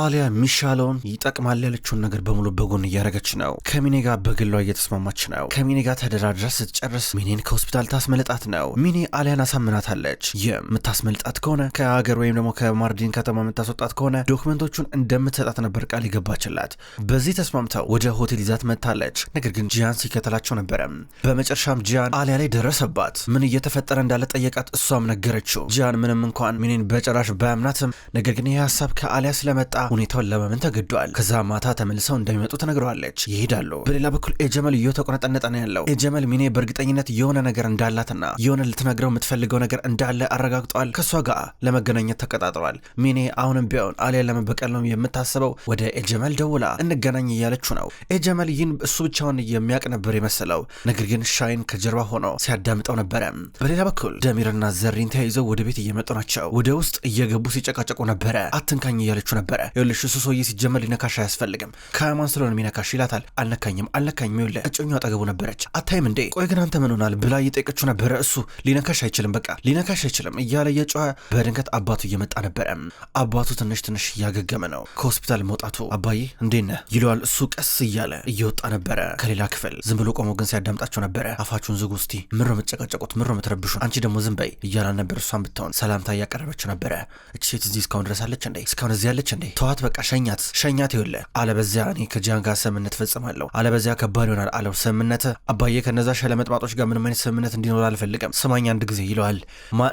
አሊያ የሚሻለውን ይጠቅማል ያለችውን ነገር በሙሉ በጎን እያደረገች ነው። ከሚኔ ጋር በግሏ እየተስማማች ነው። ከሚኔ ጋር ተደራድራ ስትጨርስ ሚኔን ከሆስፒታል ታስመልጣት ነው። ሚኔ አሊያን አሳምናታለች። ይህም የምታስመልጣት ከሆነ ከሀገር ወይም ደግሞ ከማርዲን ከተማ የምታስወጣት ከሆነ ዶክመንቶቹን እንደምትሰጣት ነበር ቃል ይገባችላት። በዚህ ተስማምተው ወደ ሆቴል ይዛት መጥታለች። ነገር ግን ጂያን ሲከተላቸው ነበረ። በመጨረሻም ጂያን አሊያ ላይ ደረሰባት። ምን እየተፈጠረ እንዳለ ጠየቃት። እሷም ነገረችው። ጂያን ምንም እንኳን ሚኔን በጭራሽ ባያምናትም ነገር ግን ይህ ሀሳብ ከአሊያ ስለመጣ ሁኔታውን ለማመን ተገደዋል። ከዛ ማታ ተመልሰው እንደሚመጡ ትነግረዋለች። ይሄዳሉ። በሌላ በኩል ኤጀመል እዮ ነው ያለው። ኤጀመል ሚኔ በእርግጠኝነት የሆነ ነገር እንዳላትና የሆነ ልትነግረው የምትፈልገው ነገር እንዳለ አረጋግጠዋል። ከእሷ ጋር ለመገናኘት ተቀጣጥሯል ሚኔ አሁንም ቢሆን አሊያ ለመበቀል ነው የምታስበው። ወደ ኤጀመል ደውላ እንገናኝ እያለችው ነው። ኤጀመል ይህን እሱ ብቻውን የሚያውቅ ነበር የመሰለው። ነገር ግን ሻይን ከጀርባ ሆኖ ሲያዳምጠው ነበረ። በሌላ በኩል ደሚርና ዘሪን ተያይዘው ወደ ቤት እየመጡ ናቸው። ወደ ውስጥ እየገቡ ሲጨቃጨቁ ነበረ። አትንካኝ እያለችው ነበረ። ይኸውልሽ እሱ ሰውዬ ሲጀመር ሊነካሽ አያስፈልግም ከማን ስለሆነ የሚነካሽ ይላታል። አልነካኝም አልነካኝም፣ ይኸውልህ እጮኛው አጠገቡ ነበረች አታይም እንዴ? ቆይ ግን አንተ ምን ሆናል ብላ እየጠየቀችው ነበረ። እሱ ሊነካሽ አይችልም በቃ ሊነካሽ አይችልም እያለ እየጮኸ በድንገት አባቱ እየመጣ ነበረ። አባቱ ትንሽ ትንሽ እያገገመ ነው ከሆስፒታል መውጣቱ። አባዬ እንዴት ነህ ይለዋል። እሱ ቀስ እያለ እየወጣ ነበረ ከሌላ ክፍል። ዝም ብሎ ቆሞ ግን ሲያዳምጣቸው ነበረ። አፋችሁን ዝጉ እስቲ፣ ምሮ የምትጨቀጨቁት ምሮ የምትረብሹ፣ አንቺ ደግሞ ዝም በይ እያላን ነበር። እሷን ብትሆን ሰላምታ እያቀረበችው ነበረ። እቺ ሴት እዚህ እስካሁን ድረስ አለች እንዴ? እስካሁን እዚህ አለች እንዴ? ተዋት፣ በቃ ሸኛት፣ ሸኛት ይውለ አለበዚያ እኔ ከጂያን ጋር ስምምነት ፈጽማለሁ፣ አለበዚያ ከባድ ይሆናል አለው። ስምምነት አባዬ፣ ከነዛ ሸለመጥማጦች ጋር ምንም አይነት ስምምነት እንዲኖር አልፈልግም። ስማኝ አንድ ጊዜ ይለዋል።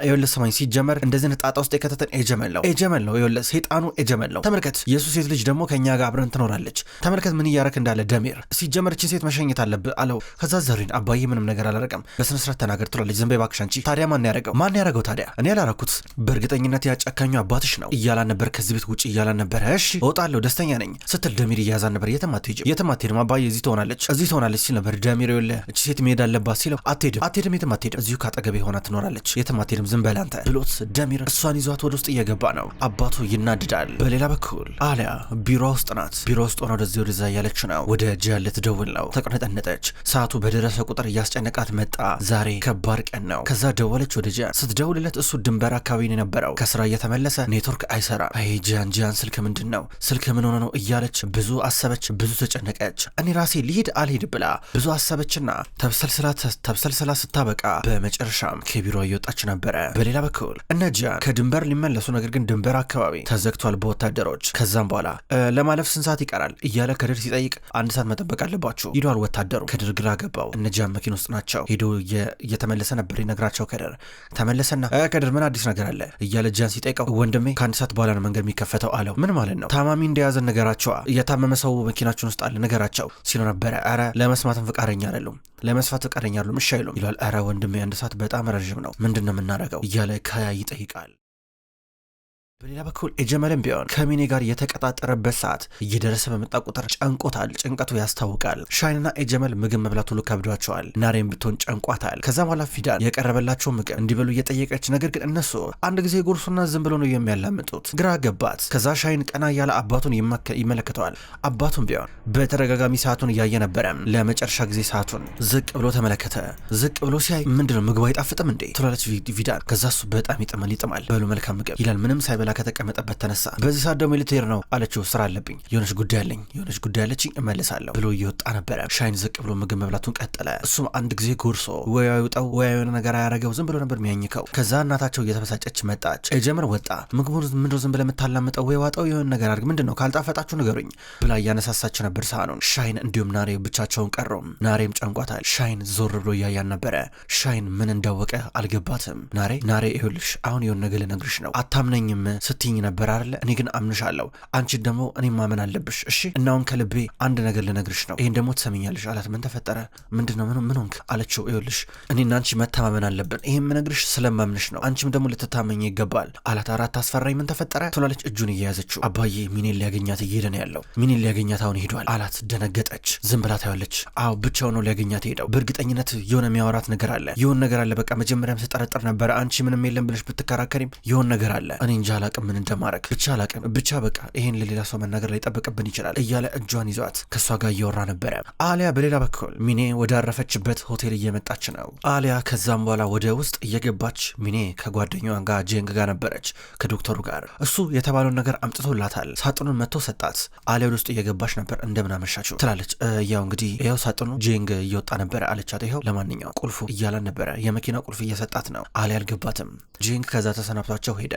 ይወለ ስማኝ፣ ሲጀመር እንደዚህ ጣጣ ውስጥ የከተተን ኤጀመል ነው፣ ኤጀመል ነው ይወለ፣ ሴጣኑ ኤጀመል ነው። ተመልከት፣ የሱስ ሴት ልጅ ደግሞ ከእኛ ጋር አብረን ትኖራለች። ተመልከት ምን እያረክ እንዳለ ደሜር፣ ሲጀመር እችን ሴት መሸኘት አለብህ አለው። ከዛ ዘሪን አባዬ፣ ምንም ነገር አላረቀም፣ በስነስርዓት ተናገር ትላለች። ዝም በይ እባክሽ አንቺ። ታዲያ ማን ያረገው? ማን ያረገው ታዲያ? እኔ ያላረኩት በእርግጠኝነት ያጫካኙ አባትሽ ነው እያላን ነበር፣ ከዚህ ቤት ውጭ እያላን ነበር ነበረ። እሺ እወጣለሁ፣ ደስተኛ ነኝ ስትል ደሚር እያዛን ነበር። የትም አትሄጂም፣ የትም አትሄድም አባዬ፣ እዚህ ትሆናለች፣ እዚህ ትሆናለች ሲል ነበር። ደሚር የለ እቺ ሴት መሄድ አለባት ሲለው፣ አትሄድም፣ አትሄድም፣ የትም አትሄድም፣ እዚሁ ካጠገቤ ሆና ትኖራለች፣ የትም አትሄድም፣ ዝም በል አንተ ብሎት ደሚር እሷን ይዟት ወደ ውስጥ እየገባ ነው። አባቱ ይናድዳል። በሌላ በኩል አሊያ ቢሮ ውስጥ ናት። ቢሮ ውስጥ ሆና ወደዚህ ወደዛ እያለች ነው። ወደ ጂያን ልትደውል ነው። ተቅነጠነጠች። ሰዓቱ በደረሰ ቁጥር እያስጨነቃት መጣ። ዛሬ ከባድ ቀን ነው። ከዛ ደወለች ወደ ጂያን። ስትደውልለት እሱ ድንበር አካባቢ ነው የነበረው ከስራ እየተመለሰ ኔትወርክ አይሰራም። አይ ጂያን ጂያን ስልክ ምንድን ነው ስልክ ምን ሆነ ነው እያለች ብዙ አሰበች፣ ብዙ ተጨነቀች። እኔ ራሴ ልሂድ አልሂድ ብላ ብዙ አሰበችና ተብሰልስላ ስታበቃ በመጨረሻም ከቢሮ እየወጣች ነበረ። በሌላ በኩል እነ ጂያን ከድንበር ሊመለሱ ነገር ግን ድንበር አካባቢ ተዘግቷል በወታደሮች። ከዛም በኋላ ለማለፍ ስንት ሰዓት ይቀራል እያለ ከድር ሲጠይቅ አንድ ሰዓት መጠበቅ አለባችሁ ሂዷል ወታደሩ። ከድር ግራ ገባው። እነ ጂያን መኪና ውስጥ ናቸው። ሄዶ እየተመለሰ ነበር ይነግራቸው ከድር ተመለሰና ከድር ምን አዲስ ነገር አለ እያለ ጂያን ሲጠይቀው ወንድሜ ከአንድ ሰዓት በኋላ ነው መንገድ የሚከፈተው አለው። ምን ማለት ነው? ታማሚ እንደያዘን ነገራቸዋ። እየታመመ ሰው መኪናችን ውስጥ አለ ነገራቸው ሲሉ ነበረ። አረ ለመስማትም ፈቃደኛ አይደሉም፣ ለመስፋት ፈቃደኛ አይደሉም፣ እሺ አይሉም ይሏል። አረ ወንድሜ አንድ ሰዓት በጣም ረዥም ነው፣ ምንድን ነው የምናደርገው እያለ ከያ ይጠይቃል። በሌላ በኩል ኤጀመልም ቢሆን ከሚኔ ጋር የተቀጣጠረበት ሰዓት እየደረሰ በመጣ ቁጥር ጨንቆታል። ጭንቀቱ ያስታውቃል። ሻይንና ኤጀመል ምግብ መብላት ሁሉ ከብዷቸዋል። ናሬም ብትሆን ጨንቋታል። ከዛ በኋላ ፊዳን የቀረበላቸው ምግብ እንዲበሉ እየጠየቀች፣ ነገር ግን እነሱ አንድ ጊዜ ጉርሱና ዝም ብሎ ነው የሚያላምጡት። ግራ ገባት። ከዛ ሻይን ቀና እያለ አባቱን ይመለከተዋል። አባቱም ቢሆን በተደጋጋሚ ሰዓቱን እያየ ነበረ። ለመጨረሻ ጊዜ ሰዓቱን ዝቅ ብሎ ተመለከተ። ዝቅ ብሎ ሲያይ ምንድነው ምግቡ አይጣፍጥም እንዴ ትላለች ቪዳን። ከዛ እሱ በጣም ይጥማል ይጥማል፣ በሉ መልካም ምግብ ይላል ምንም ሳይበላ በኋላ ከተቀመጠበት ተነሳ። በዚህ ሰዓት ደግሞ ልትሄድ ነው አለችው። ስራ አለብኝ፣ የሆነች ጉዳይ አለኝ፣ የሆነች ጉዳይ አለችኝ፣ እመልሳለሁ ብሎ እየወጣ ነበረ። ሻይን ዝቅ ብሎ ምግብ መብላቱን ቀጠለ። እሱም አንድ ጊዜ ጎርሶ ወያ ይውጣው ወያ የሆነ ነገር አያረገው ዝም ብሎ ነበር የሚያኝከው። ከዛ እናታቸው እየተበሳጨች መጣች። ጀመር ወጣ። ምግቡን ምንድነው ዝም ብለ የምታላምጠው? ወይ ዋጠው፣ የሆነ ነገር አድርግ፣ ምንድን ነው ካልጣፈጣችሁ ንገሩኝ ብላ እያነሳሳቸው ነበር ሳህኑን። ሻይን እንዲሁም ናሬ ብቻቸውን ቀሩም። ናሬም ጨንቋታል። ሻይን ዞር ብሎ እያያን ነበረ። ሻይን ምን እንዳወቀ አልገባትም። ናሬ ናሬ ይኸውልሽ አሁን የሆነ ነገር ልነግርሽ ነው አታምነኝም ስትኝ ነበር አለ። እኔ ግን አምንሻለሁ። አንቺ ደግሞ እኔ ማመን አለብሽ። እሺ እናሁን ከልቤ አንድ ነገር ልነግርሽ ነው። ይህን ደግሞ ትሰምኛለሽ አላት። ምን ተፈጠረ? ምንድን ነው? ምን ሆንክ? አለችው። ይኸውልሽ እኔና አንቺ መተማመን አለብን። ይህ የምነግርሽ ስለማምንሽ ነው። አንቺም ደግሞ ልትታመኝ ይገባል አላት። አራት አስፈራኝ። ምን ተፈጠረ? ትላለች እጁን እየያዘችው። አባዬ ሚኔን ሊያገኛት እየሄደ ነው ያለው። ሚኔን ሊያገኛት አሁን ሄዷል አላት። ደነገጠች። ዝም ብላ ታያለች። አዎ ብቻው ነው ሊያገኛት ሄደው። በእርግጠኝነት የሆነ የሚያወራት ነገር አለ። ይሆን ነገር አለ። በቃ መጀመሪያም ስጠረጥር ነበረ። አንቺ ምንም የለም ብለሽ ብትከራከሪም ይሆን ነገር አለ። እኔ እንጃ አላቅም ምን እንደማድረግ ብቻ አላቅም ብቻ በቃ ይሄን ለሌላ ሰው መናገር ላይ ጠበቅብን ይችላል እያለ እጇን ይዟት ከእሷ ጋር እያወራ ነበረ። አሊያ በሌላ በኩል ሚኔ ወዳረፈችበት ሆቴል እየመጣች ነው። አሊያ ከዛም በኋላ ወደ ውስጥ እየገባች ሚኔ ከጓደኛዋ ጋር ጄንግ ጋር ነበረች ከዶክተሩ ጋር እሱ የተባለውን ነገር አምጥቶላታል። ሳጥኑን መጥቶ ሰጣት። አሊያ ወደ ውስጥ እየገባች ነበር። እንደምን አመሻችሁ ትላለች። ያው እንግዲህ ያው ሳጥኑ ጄንግ እየወጣ ነበረ አለቻት። ይኸው ለማንኛው ቁልፉ እያላን ነበረ የመኪና ቁልፍ እየሰጣት ነው። አሊያ አልገባትም። ጄንግ ከዛ ተሰናብቷቸው ሄደ።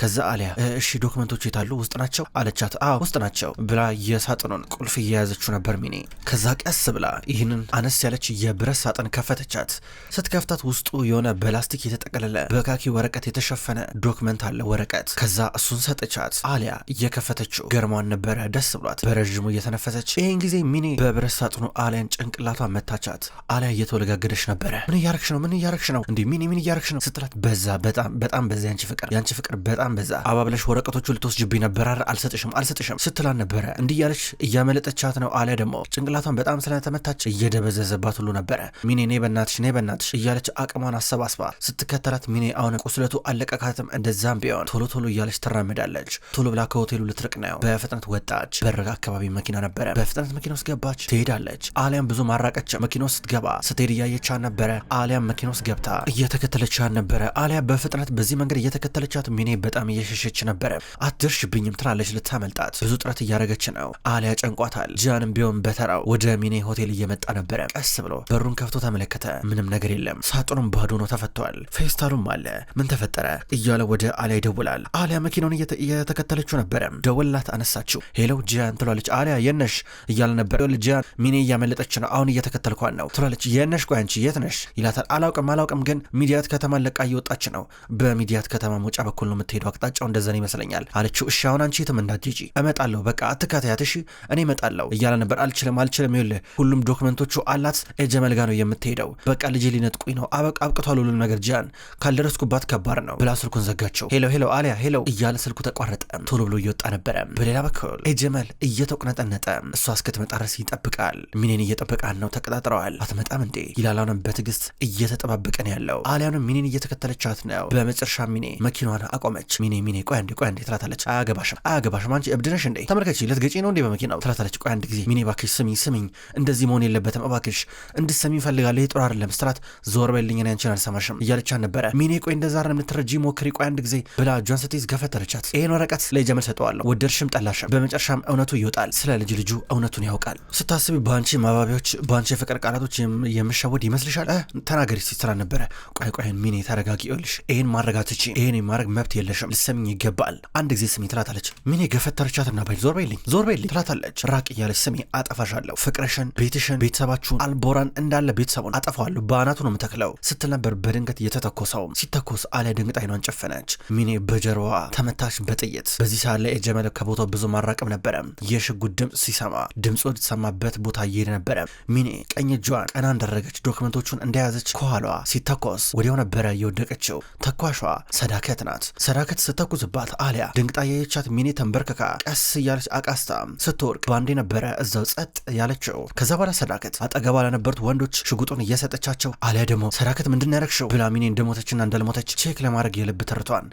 ከዛ አሊያ እሺ ዶክመንቶች የታሉ ውስጥ ናቸው አለቻት። አ ውስጥ ናቸው ብላ የሳጥኑን ቁልፍ እየያዘችው ነበር ሚኔ። ከዛ ቀስ ብላ ይህንን አነስ ያለች የብረት ሳጥን ከፈተቻት። ስትከፍታት ውስጡ የሆነ በላስቲክ የተጠቀለለ በካኪ ወረቀት የተሸፈነ ዶክመንት አለ ወረቀት። ከዛ እሱን ሰጠቻት። አሊያ እየከፈተችው ገርሟን ነበረ ደስ ብሏት በረዥሙ እየተነፈሰች። ይህን ጊዜ ሚኔ በብረት ሳጥኑ አሊያን ጭንቅላቷ መታቻት። አሊያ እየተወለጋገደች ነበረ። ምን እያረክሽ ነው? ምን እያረክሽ ነው? እንዲህ ሚኔ ምን እያረክሽ ነው ስትላት፣ በዛ በጣም በጣም በዛ ያንቺ ፍቅር ያንቺ ፍቅር በጣም በዛ አባብለሽ ወረቀቶቹ ልትወስጅብኝ ነበር አይደል? አልሰጥሽም አልሰጥሽም ስትላን ነበረ። እንዲህ እያለች እያመለጠቻት ነው አለ ደግሞ ጭንቅላቷን በጣም ስለተመታች እየደበዘዘባት ሁሉ ነበረ። ሚኔ ኔ በናትሽ ኔ በናትሽ እያለች አቅሟን አሰባስባ ስትከተላት ሚኔ አሁን ቁስለቱ አለቀካትም። እንደዛም ቢሆን ቶሎ ቶሎ እያለች ትራመዳለች። ቶሎ ብላ ከሆቴሉ ልትርቅ ነው። በፍጥነት ወጣች። በር አካባቢ መኪና ነበረ። በፍጥነት መኪና ውስጥ ገባች። ትሄዳለች። አሊያም ብዙ ማራቀች። መኪና ውስጥ ስትገባ ስትሄድ እያየቻን ነበረ። አሊያም መኪና ውስጥ ገብታ እየተከተለቻን ነበረ። አሊያ በፍጥነት በዚህ መንገድ እየተከተለቻት ሚኔ በጣም እየ እየሸሸች ነበረ። አትደርሽብኝም ትላለች ልታመልጣት ብዙ ጥረት እያደረገች ነው። አሊያ ጨንቋታል። ጃንም ቢሆን በተራው ወደ ሚኔ ሆቴል እየመጣ ነበረ። ቀስ ብሎ በሩን ከፍቶ ተመለከተ። ምንም ነገር የለም። ሳጥኑም ባዶ ነው፣ ተፈቷል። ፌስታሉም አለ። ምን ተፈጠረ እያለ ወደ አሊያ ይደውላል። አሊያ መኪናውን እየተከተለችው ነበረ። ደወላት፣ አነሳችው። ሄለው ጃን ትሏለች። አሊያ የነሽ እያለ ነበር። ጃን ሚኔ እያመለጠች ነው፣ አሁን እየተከተልኳን ነው ትሏለች። የነሽ ቆይ አንቺ የት ነሽ ይላታል። አላውቅም አላውቅም፣ ግን ሚዲያት ከተማ ለቃ እየወጣች ነው። በሚዲያት ከተማ መውጫ በኩል ነው የምትሄደው አቅጣጫ አቅጣጫው እንደዘን ይመስለኛል አለችው። እሺ አሁን አንቺ የትም እንዳትሄጂ እመጣለሁ፣ በቃ አትከታያትሽ፣ እኔ እመጣለሁ እያለ ነበር። አልችልም አልችልም፣ ይኸውልህ ሁሉም ዶክመንቶቹ አላት፣ ጀመል ጋ ነው የምትሄደው። በቃ ልጄ ሊነጥቁኝ ነው፣ አበቃ አብቅቷል ሁሉም ነገር፣ ጂያን ካልደረስኩባት ከባድ ነው ብላ ስልኩን ዘጋቸው። ሄሎ ሄሎ፣ አሊያ ሄሎ እያለ ስልኩ ተቋረጠ። ቶሎ ብሎ እየወጣ ነበረ። በሌላ በኩል ጀመል እየተቁነጠነጠ እሷ እስክትመጣ ድረስ ይጠብቃል። ሚኔን እየጠበቃን ነው፣ ተቀጣጥረዋል። አትመጣም እንዴ ይላላውንም በትዕግስት እየተጠባበቀን ያለው አሊያንም ሚኔን እየተከተለቻት ነው። በመጨረሻ ሚኔ መኪናዋን አቆመች። ሚኔ ሚኔ ቆይ አንዴ ቆይ አንዴ ትላታለች። አያገባሽም አያገባሽም፣ አንቺ እብድነሽ እንዴ ተመልከች፣ ልትገጪ ነው እንዴ በመኪናው ትላታለች። ቆይ አንድ ጊዜ ሚኔ እባክሽ ስሚኝ ስሚኝ፣ እንደዚህ መሆን የለበትም እባክሽ፣ እንድትሰሚ እፈልጋለሁ። ይህ ጥሩ አይደለም ስትላት፣ ዞር በልኝ እኔ አንቺን አልሰማሽም እያለቻት ነበረ። ሚኔ ቆይ እንደዛ አይደለም ልትረጂ ሞክሪ፣ ቆይ አንድ ጊዜ ብላ እጇን ስትይዝ ገፈተረቻት። ይሄን ወረቀት ለጀመል ሰጠዋለሁ፣ ወደድሽም ጠላሽም፣ በመጨረሻም እውነቱ ይወጣል። ስለ ልጅ ልጁ እውነቱን ያውቃል። ስታስቢ በአንቺ ማባቢያዎች፣ በአንቺ የፍቅር ቃላቶች የምሸወድ ይመስልሻል? ተናገሪ ስትላት ነበረ። ቆይ ቆይ ሚኔ ተረጋጊ፣ ይኸውልሽ ይሄን ማድረግ አትችይም፣ ይሄን የማድረግ መብት የለሽም ልታሰሚኝ ይገባል። አንድ ጊዜ ስሜ ትላታለች። ምን የገፈተረቻትና ባይ ዞር በይልኝ ዞር በይልኝ ትላታለች። ራቅ እያለች ስሜ አጠፋሻለሁ፣ ፍቅረሽን፣ ቤትሽን፣ ቤተሰባችሁን፣ አልቦራን እንዳለ ቤተሰቡን አጠፋዋለሁ፣ በአናቱ ነው የምተክለው ስትል ነበር በድንገት እየተተኮሰው። ሲተኮስ አሊያ ድንግጥ አይኗን ጨፈነች። ሚኔ በጀርባዋ ተመታች በጥይት። በዚህ ሰዓት ላይ የጀመለ ከቦታው ብዙ ማራቅም ነበረ። የሽጉጥ ድምፅ ሲሰማ ድምፁ ወደተሰማበት ቦታ እየሄደ ነበረ። ሚኔ ቀኝ እጇን ቀና እንዳደረገች ዶክመንቶቹን እንደያዘች ከኋሏ ሲተኮስ ወዲያው ነበረ የወደቀችው። ተኳሿ ሰዳከት ናት። ሰዳከት ስተ ስትተኩስባት አሊያ ድንግጣ ያየቻት ሚኒ ተንበርክካ ቀስ እያለች አቃስታ ስትወርቅ ባንዴ ነበረ እዛው ጸጥ ያለችው። ከዛ በኋላ ሰዳከት አጠገባ ለነበሩት ወንዶች ሽጉጡን እየሰጠቻቸው አሊያ ደግሞ ሰዳከት ምንድን ያረግሽው ብላ ሚኔ እንደሞተችና እንዳልሞተች ቼክ ለማድረግ የልብ ትርቷን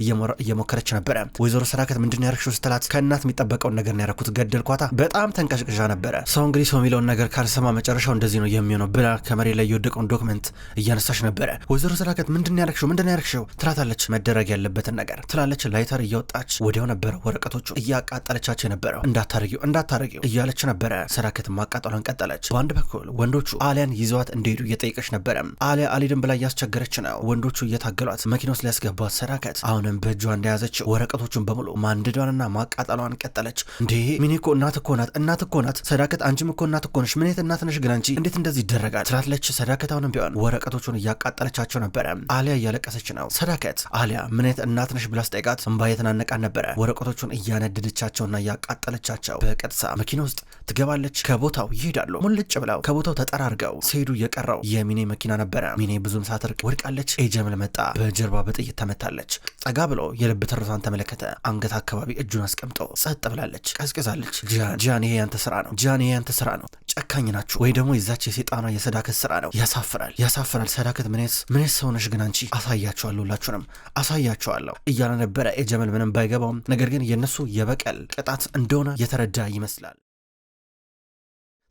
እየሞከረች ነበረ። ወይዘሮ ሰዳከት ምንድን ያረግሽው ስትላት ከእናት የሚጠበቀውን ነገር ነው ያረኩት፣ ገደልኳታ። በጣም ተንቀሽቅሻ ነበረ። ሰው እንግዲህ ሰው የሚለውን ነገር ካልሰማ መጨረሻው እንደዚህ ነው የሚሆነው ብላ ከመሬት ላይ የወደቀውን ዶክመንት እያነሳች ነበረ። ወይዘሮ ሰዳከት ምንድን ያረግሽው ምንድን ያረግሽው ትላታለች። መደረግ ያለበትን ነገር ትላለች ላይ ላይተር እየወጣች ወዲያው ነበረ ወረቀቶቹ እያቃጠለቻቸው የነበረው። እንዳታረጊው እንዳታረጊው እያለች ነበረ። ሰራከት ማቃጠሏን ቀጠለች። በአንድ በኩል ወንዶቹ አሊያን ይዘዋት እንደሄዱ እየጠየቀች ነበረ። አሊያ አሊድን ብላ እያስቸገረች ነው። ወንዶቹ እየታገሏት መኪና ውስጥ ሊያስገቧት ሰራከት አሁንም በእጇ እንደያዘች ወረቀቶቹን በሙሉ ማንድዷንና ማቃጠሏን ቀጠለች። እንዴ ሚኒ እኮ እናት እኮ ናት፣ እናት እኮ ናት ሰዳከት፣ አንቺም እኮ እናት እኮ ነሽ። ምንት እናት ነሽ ግን አንቺ እንዴት እንደዚህ ይደረጋል? ስላለች ሰዳከት አሁንም ቢሆን ወረቀቶቹን እያቃጠለቻቸው ነበረ። አሊያ እያለቀሰች ነው። ሰዳከት አሊያ ምንት እናት ነሽ ብላ ስጠይቃት እንባ የተናነቃን ነበረ። ወረቀቶቹን እያነደደቻቸውና እያቃጠለቻቸው በቀጥታ መኪና ውስጥ ትገባለች። ከቦታው ይሄዳሉ። ሙልጭ ብለው ከቦታው ተጠራርገው ሲሄዱ የቀረው የሚኔ መኪና ነበረ። ሚኔ ብዙም ሳትርቅ ወድቃለች። ኤጀምል መጣ። በጀርባ በጥይት ተመታለች። ጸጋ ብሎ የልብ ትርታዋን ተመለከተ። አንገት አካባቢ እጁን አስቀምጦ ጸጥ ብላለች። ቀዝቅዛለች። ጂያን ጂያን፣ ይሄ ያንተ ስራ ነው። ጂያን፣ ይሄ ያንተ ስራ ነው። ጨካኝ ናችሁ ወይ ደግሞ የዛች የሴጣኗ የሰዳከት ስራ ነው። ያሳፍራል፣ ያሳፍራል። ሰዳከት ምንስ ምንስ ሰውነሽ ግን አንቺ። አሳያቸዋለሁ፣ ሁላችሁንም አሳያቸዋለሁ እያለ ነበረ። የጀመል ምንም ባይገባውም ነገር ግን የእነሱ የበቀል ቅጣት እንደሆነ የተረዳ ይመስላል።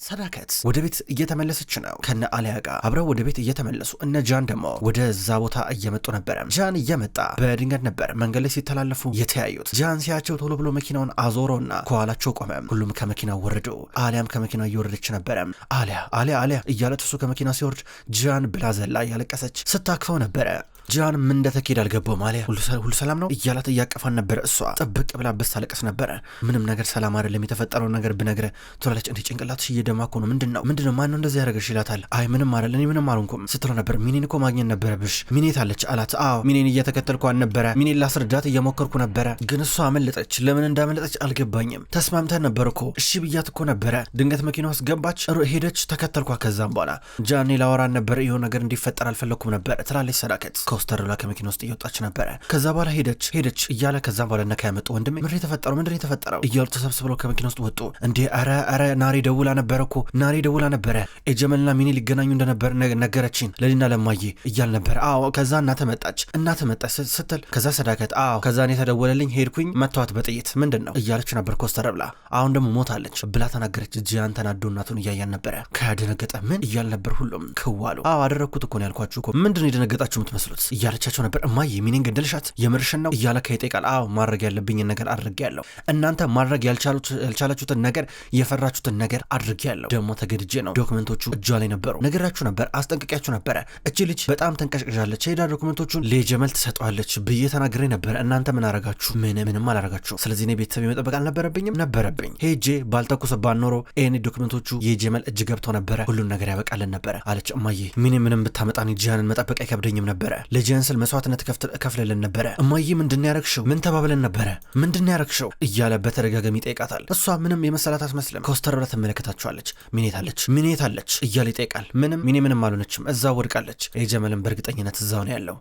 ሰዳከት ወደ ቤት እየተመለሰች ነው ከነ አሊያ ጋር አብረው ወደ ቤት እየተመለሱ እነ ጃን ደግሞ ወደዛ ቦታ እየመጡ ነበረ። ጃን እየመጣ በድንገት ነበር መንገድ ላይ ሲተላለፉ የተያዩት። ጃን ሲያቸው ቶሎ ብሎ መኪናውን አዞረውና ከኋላቸው ቆመ። ሁሉም ከመኪናው ወረዱ። አሊያም ከመኪናው እየወረደች ነበረ። አሊያ አሊያ አሊያ እያለች እሱ ከመኪና ሲወርድ ጃን ብላ ዘላ እያለቀሰች ስታክፈው ነበረ። ጃን ምን እንደተኬድ አልገባውም። አሊያ ሁሉ ሰላም ነው እያላት እያቀፋን ነበረ። እሷ ጥብቅ ብላ ብስታለቀስ ነበረ። ምንም ነገር ሰላም አይደለም የተፈጠረውን ነገር ብነግረ ትላለች። እንዲህ ጭንቅላት እየደማ እኮ ነው። ምንድን ነው ምንድን ነው? ማን ነው እንደዚህ ያደረገሽ ይላታል። አይ ምንም አለ እኔ ምንም አልሆንኩም ስትለው ነበር። ሚኔን እኮ ማግኘት ነበረብሽ ሚኔት አለች አላት። አዎ ሚኔን እየተከተልኩ ነበረ። ሚኔን ላስረዳት እየሞከርኩ ነበረ፣ ግን እሷ አመለጠች። ለምን እንዳመለጠች አልገባኝም። ተስማምተን ነበር እኮ እሺ ብያት እኮ ነበረ። ድንገት መኪና ውስጥ ገባች፣ ሄደች፣ ተከተልኳ። ከዛም በኋላ ጃኔ ላወራን ነበር፣ የሆነ ነገር እንዲፈጠር አልፈለግኩም ነበር ትላለች ሰዳከት። ኮስተር ብላ ከመኪና ውስጥ እየወጣች ነበረ። ከዛ በኋላ ሄደች ሄደች እያለ ከዛም በኋላ ነካ ያመጡ ወንድሜ ምንድን የተፈጠረው ምንድን የተፈጠረው እያሉ ተሰብስበው ከመኪና ውስጥ ወጡ። እንዴ ኧረ ኧረ ናሬ ደውላ ነበረ ነበረ እኮ ናሬ ደውላ ነበረ ኤጀመልና ሚኒ ሊገናኙ እንደነበር ነገረችን ለሊና ለማየ እያል ነበረ። አዎ ከዛ እናተ መጣች እናተ መጣች ስትል ከዛ ሰዳከት አዎ ከዛ እኔ ተደወለልኝ ሄድኩኝ መተዋት በጥይት ምንድን ነው እያለች ነበር ኮስተር ብላ አሁን ደግሞ ሞታለች ብላ ተናገረች። ጂያን ተናዶ እናቱን እያያን ነበረ። ከደነገጠ ምን እያል ነበር ሁሉም ክዋሉ አዎ አደረግኩት እኮ ነው ያልኳችሁ እኮ ምንድን የደነገጣችሁ የምትመስሉት እያለቻቸው ነበር። እማየ ሚኒን ገደልሻት የምርሽን ነው እያለ ከይጠይቃል። አዎ ማድረግ ያለብኝን ነገር ያለው እናንተ ማድረግ ያልቻላችሁትን ነገር የፈራችሁትን ነገር አድርጌ ያለው ደግሞ ተገድጄ ነው። ዶክመንቶቹ እጇ ላይ ነበሩ። ነገራችሁ ነበር፣ አስጠንቅቂያችሁ ነበረ። እቺ ልጅ በጣም ተንቀሽቅዣለች። ሄዳ ዶክመንቶቹን ለጀመል ትሰጠዋለች ብዬ ተናግሬ ነበረ። እናንተ ምን አረጋችሁ? ምን ምንም አላረጋችሁ። ስለዚህ እኔ ቤተሰብ የመጠበቅ አልነበረብኝም ነበረብኝ። ሄጄ ባልተኩሰባን ኖሮ ኤኒ ዶክመንቶቹ የጀመል እጅ ገብተው ነበረ፣ ሁሉን ነገር ያበቃልን ነበረ አለች። እማዬ ምን ምንም ብታመጣን ጂያንን መጠበቅ አይከብደኝም ነበረ። ለጂያን ስል መስዋዕትነት ከፍለልን ነበረ። እማዬ ምንድን ያረግሽው? ምን ተባብለን ነበረ? ምንድን ያረግሽው? እያለ በተደጋጋሚ ይጠይቃታል። እሷ ምንም የመሰላት አትመስልም። ከወስተር ብላ ትመለከታቸዋል ትለዋለች። ሚኔ ታለች፣ ሚኔ ታለች እያለ ይጠይቃል። ምንም ሚኔ ምንም አልሆነችም፣ እዛ ወድቃለች። የጀመልም በእርግጠኝነት እዛው ነው ያለው፣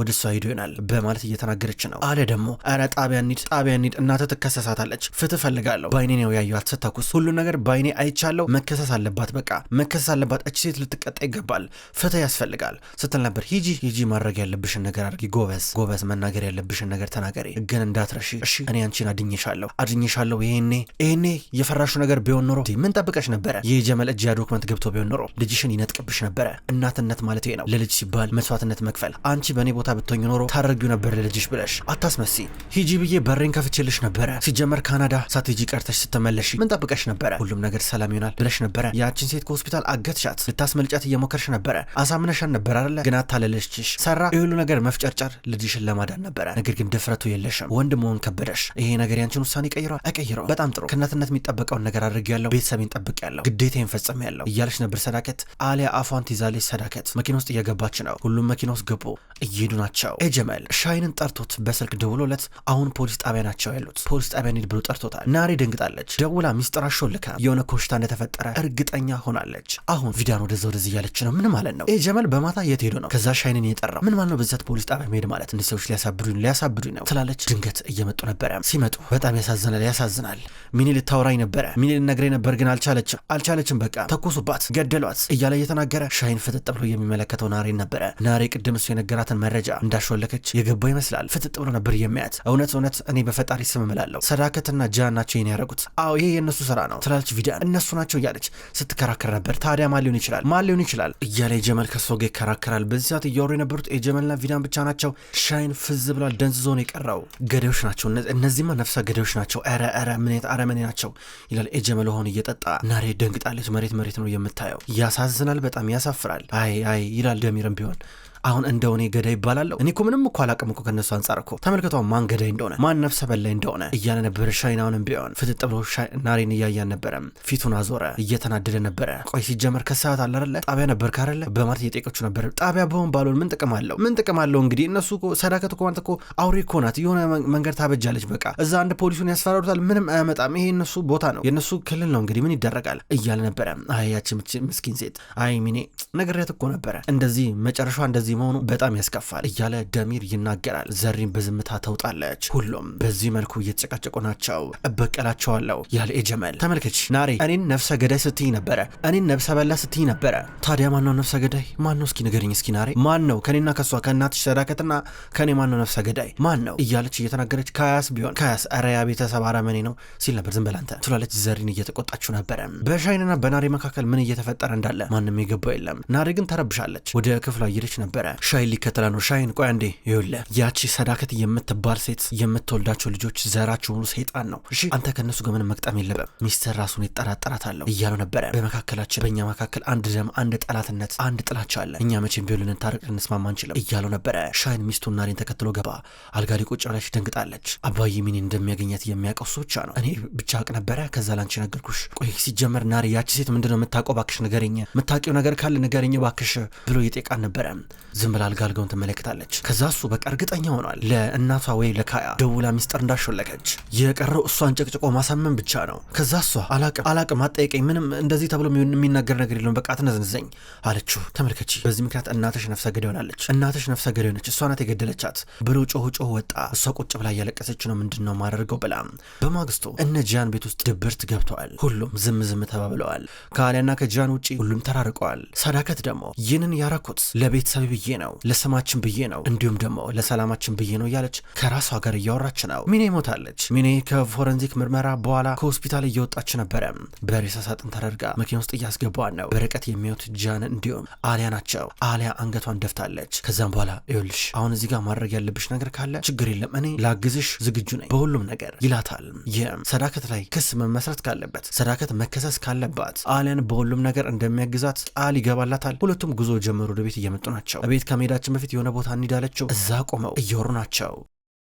ወደ እሷ ሂዶ ይሆናል በማለት እየተናገረች ነው። አሊያ ደግሞ ኧረ ጣቢያ እንሂድ፣ ጣቢያ እንሂድ፣ እናትህ ትከሰሳታለች፣ ፍትህ ፈልጋለሁ። ባይኔ ነው ያየኋት ስታኩስ፣ ሁሉን ነገር ባይኔ አይቻለሁ፣ መከሰስ አለባት፣ በቃ መከሰስ አለባት፣ እች ሴት ልትቀጣ ይገባል፣ ፍትህ ያስፈልጋል ስትል ነበር። ሂጂ ሂጂ፣ ማድረግ ያለብሽን ነገር አድርጊ፣ ጎበዝ ጎበዝ፣ መናገር ያለብሽን ነገር ተናገሪ፣ ግን እንዳትረሺ፣ እሺ እኔ አንቺን አድኝሻለሁ፣ አድኝሻለሁ። ይሄኔ ይሄኔ የፈራሹ ነገር ቢሆን ኖሮ ምን ጠብቀሽ ነበረ። ይህ የጀመል እጅ ያ ዶክመንት ገብቶ ቢሆን ኖሮ ልጅሽን ይነጥቅብሽ ነበረ። እናትነት ማለት ነው፣ ለልጅ ሲባል መስዋዕትነት መክፈል። አንቺ በእኔ ቦታ ብትሆኝ ኖሮ ታረጊው ነበር ለልጅሽ ብለሽ። አታስመሲ። ሂጂ ብዬ በሬን ከፍቼልሽ ነበረ። ሲጀመር ካናዳ ሳትሄጂ ቀርተሽ ስትመለሽ ምን ጠብቀሽ ነበረ? ሁሉም ነገር ሰላም ይሆናል ብለሽ ነበረ። ያቺን ሴት ከሆስፒታል አገትሻት። ልታስመልጫት እየሞከርሽ ነበረ። አሳምነሻን ነበር አለ፣ ግን አታለለችሽ። ሰራ የሁሉ ነገር መፍጨርጨር ልጅሽን ለማዳን ነበረ። ነገር ግን ድፍረቱ የለሽም። ወንድ መሆን ከበደሽ። ይሄ ነገር ያንቺን ውሳኔ ቀይሯል። አቀይረው በጣም ጥሩ። ከእናትነት የሚጠበቀውን ነገር አድርጌያለሁ። ቤተሰብን ጠብቅ ያለው ግዴታዬን ፈጸም ያለው እያለች ነበር ሰዳከት። አሊያ አፏን ትይዛለች። ሰዳከት መኪና ውስጥ እየገባች ነው። ሁሉም መኪና ውስጥ ገቡ። እየሄዱ ናቸው። ኤጀመል ሻይንን ጠርቶት በስልክ ደውሎለት አሁን ፖሊስ ጣቢያ ናቸው ያሉት ፖሊስ ጣቢያ ኒድ ብሎ ጠርቶታል። ናሬ ደንግጣለች። ደውላ ሚስጥር አሾልካ የሆነ ኮሽታ እንደተፈጠረ እርግጠኛ ሆናለች። አሁን ቪዳን ወደዛ ወደዚህ እያለች ነው። ምን ማለት ነው? ኤጀመል በማታ የት ሄዶ ነው? ከዛ ሻይንን የጠራው ምን ማለት ነው? በዛት ፖሊስ ጣቢያ መሄድ ማለት እንዲ ሰዎች ሊያሳብዱ ሊያሳብዱ ነው ትላለች። ድንገት እየመጡ ነበረ። ሲመጡ በጣም ያሳዝናል፣ ያሳዝናል። ሚኒ ልታወራኝ ነበረ፣ ሚኒ ልነግረኝ ነበር ግን አልቻለች አልቻለችም አልቻለችም፣ በቃ ተኮሱባት፣ ገደሏት እያለ እየተናገረ ሻይን ፍጥጥ ብሎ የሚመለከተው ናሬን ነበረ። ናሬ ቅድም እሱ የነገራትን መረጃ እንዳሾለከች የገባው ይመስላል። ፍጥጥ ብሎ ነበር የሚያት እውነት እውነት፣ እኔ በፈጣሪ ስም እምላለሁ ሰዳከትና ጃን ናቸው ይህን ያደረጉት። አዎ ይሄ የእነሱ ስራ ነው ትላለች ቪዳን። እነሱ ናቸው እያለች ስትከራከር ነበር። ታዲያ ማን ሊሆን ይችላል? ማን ሊሆን ይችላል እያለ የጀመል ከሷ ጋር ይከራከራል። በዚህ ሰዓት እያወሩ የነበሩት የጀመልና ቪዳን ብቻ ናቸው። ሻይን ፍዝ ብሏል። ደንዝዞ ነው የቀረው። ገዳዮች ናቸው እነዚህማ፣ ነፍሰ ገዳዮች ናቸው። ኧረ ኧረ ምን አረመኔ ናቸው ይላል የጀመል ሆን እየጠጣ ናሬ ደንግጣለች። መሬት መሬት ነው የምታየው። ያሳዝናል፣ በጣም ያሳፍራል። አይ አይ ይላል ደሚርም ቢሆን አሁን እንደሆነ ገዳይ ይባላለሁ። እኔ እኮ ምንም እኮ አላቅም እኮ ከነሱ አንጻር እኮ ተመልከቷ፣ ማን ገዳይ እንደሆነ ማን ነፍሰ በላይ እንደሆነ እያለ ነበር። ሻይናውንም ቢሆን ፍትጥ ብሎ ናሬን እያያን ነበረ። ፊቱን አዞረ፣ እየተናደደ ነበረ። ቆይ ሲጀመር ከሰዓት አላረለ ጣቢያ ነበር ካረለ በማለት እየጠየቀችው ነበር። ጣቢያ በሆን ባልሆን ምን ጥቅም አለው? ምን ጥቅም አለው? እንግዲህ እነሱ ሰዳከት እኮ ማለት እኮ አውሬ እኮ ናት። የሆነ መንገድ ታበጃለች። በቃ እዛ አንድ ፖሊሱን ያስፈራሩታል። ምንም አያመጣም። ይሄ የነሱ ቦታ ነው፣ የነሱ ክልል ነው። እንግዲህ ምን ይደረጋል እያለ ነበረ። አያችን ምስኪን ሴት አይ ሚኔ ነገርያት እኮ ነበረ እንደዚህ መጨረሻ እንደዚህ እንደዚህ መሆኑ በጣም ያስከፋል እያለ ደሚር ይናገራል። ዘሪን በዝምታ ተውጣለች። ሁሉም በዚህ መልኩ እየተጨቃጨቁ ናቸው። እበቀላቸዋለሁ ያለ ኤጀመል ተመልከች። ናሬ እኔን ነፍሰ ገዳይ ስትይ ነበረ፣ እኔን ነብሰ በላ ስትይ ነበረ። ታዲያ ማነው ነፍሰ ገዳይ? ማነው እስኪ ንገርኝ። እስኪ ናሬ ማን ነው? ከኔና ከሷ ከእናትሽ ሰዳከትና ከእኔ ማነው ነፍሰ ገዳይ ማን ነው? እያለች እየተናገረች ካያስ ቢሆን ካያስ አረያ ቤተሰብ አረመኔ ነው ሲል ነበር። ዝም በላንተ ትላለች። ዘሪን እየተቆጣችው ነበረ። በሻይንና በናሬ መካከል ምን እየተፈጠረ እንዳለ ማንም የገባው የለም። ናሬ ግን ተረብሻለች። ወደ ክፍሏ እየሄደች ነበር። ነበረ። ሻይን ሊከተላ ነው። ሻይን ቆይ አንዴ፣ ያቺ ሰዳከት የምትባል ሴት የምትወልዳቸው ልጆች ዘራቸው ሙሉ ሰይጣን ነው። እሺ አንተ ከእነሱ ገመን መቅጠም የለበም። ሚስተር ራሱን ይጠራጠራታለሁ እያሉ ነበረ። በመካከላችን በእኛ መካከል አንድ ደም፣ አንድ ጠላትነት፣ አንድ ጥላቻ አለ። እኛ መቼም ቢሆን ልንታረቅ ልንስማማ አንችልም እያሉ ነበረ። ሻይን ሚስቱን ናሬን ተከትሎ ገባ። አልጋዲ ቁጭ ብላች ደንግጣለች። አባዬ ሚኒ እንደሚያገኛት የሚያውቀው እሱ ብቻ ነው። እኔ ብቻ አውቅ ነበረ። ከዛ ላንቺ ነገርኩሽ። ቆይ ሲጀመር ናሬ ያቺ ሴት ምንድነው የምታውቀው? ባክሽ ንገረኝ። የምታውቂው ነገር ካለ ንገረኝ ባክሽ ብሎ የጤቃን ነበረ። ዝም ብላ አልጋ አልጋውን ትመለከታለች። ከዛ እሱ በቃ እርግጠኛ ሆኗል ለእናቷ ወይ ለካያ ደውላ ሚስጥር እንዳሾለከች የቀረው እሷን ጨቅጭቆ ማሳመን ብቻ ነው። ከዛ እሷ አላቅም አላቅም አጠየቀኝ ምንም እንደዚህ ተብሎ የሚናገር ነገር የለውም በቃ ትነዝንዘኝ አለችው። ተመልከቺ በዚህ ምክንያት እናትሽ ነፍሰ ገዳይ ሆናለች፣ እናትሽ ነፍሰ ገዳይ ሆነች፣ እሷ ናት የገደለቻት ብሎ ጮሁ ጮሁ ወጣ። እሷ ቁጭ ብላ እያለቀሰች ነው ምንድን ነው ማደርገው ብላ። በማግስቱ እነ ጂያን ቤት ውስጥ ድብርት ገብተዋል። ሁሉም ዝም ዝም ተባብለዋል። ከአሊያና ከጂያን ውጪ ሁሉም ተራርቀዋል። ሳዳከት ደግሞ ይህንን ያረኩት ለቤተሰብ ብዬ ነው፣ ለስማችን ብዬ ነው፣ እንዲሁም ደግሞ ለሰላማችን ብዬ ነው እያለች ከራሷ ጋር እያወራች ነው። ሚኔ ሞታለች። ሚኔ ከፎረንዚክ ምርመራ በኋላ ከሆስፒታል እየወጣች ነበረ። በሬሳ ሳጥን ተደርጋ መኪና ውስጥ እያስገቧን ነው። በርቀት የሚወት ጃን እንዲሁም አሊያ ናቸው። አሊያ አንገቷን ደፍታለች። ከዛም በኋላ ይኸውልሽ አሁን እዚህ ጋር ማድረግ ያለብሽ ነገር ካለ ችግር የለም እኔ ላግዝሽ ዝግጁ ነኝ በሁሉም ነገር ይላታል። ይህም ሰዳከት ላይ ክስ መመስረት ካለበት ሰዳከት መከሰስ ካለባት አሊያን በሁሉም ነገር እንደሚያግዛት ቃል ይገባላታል። ሁለቱም ጉዞ ጀመሩ። ወደ ቤት እየመጡ ናቸው። እቤት ከመሄዳችን በፊት የሆነ ቦታ እንሂድ አለችው። እዛ ቆመው እየወሩ ናቸው።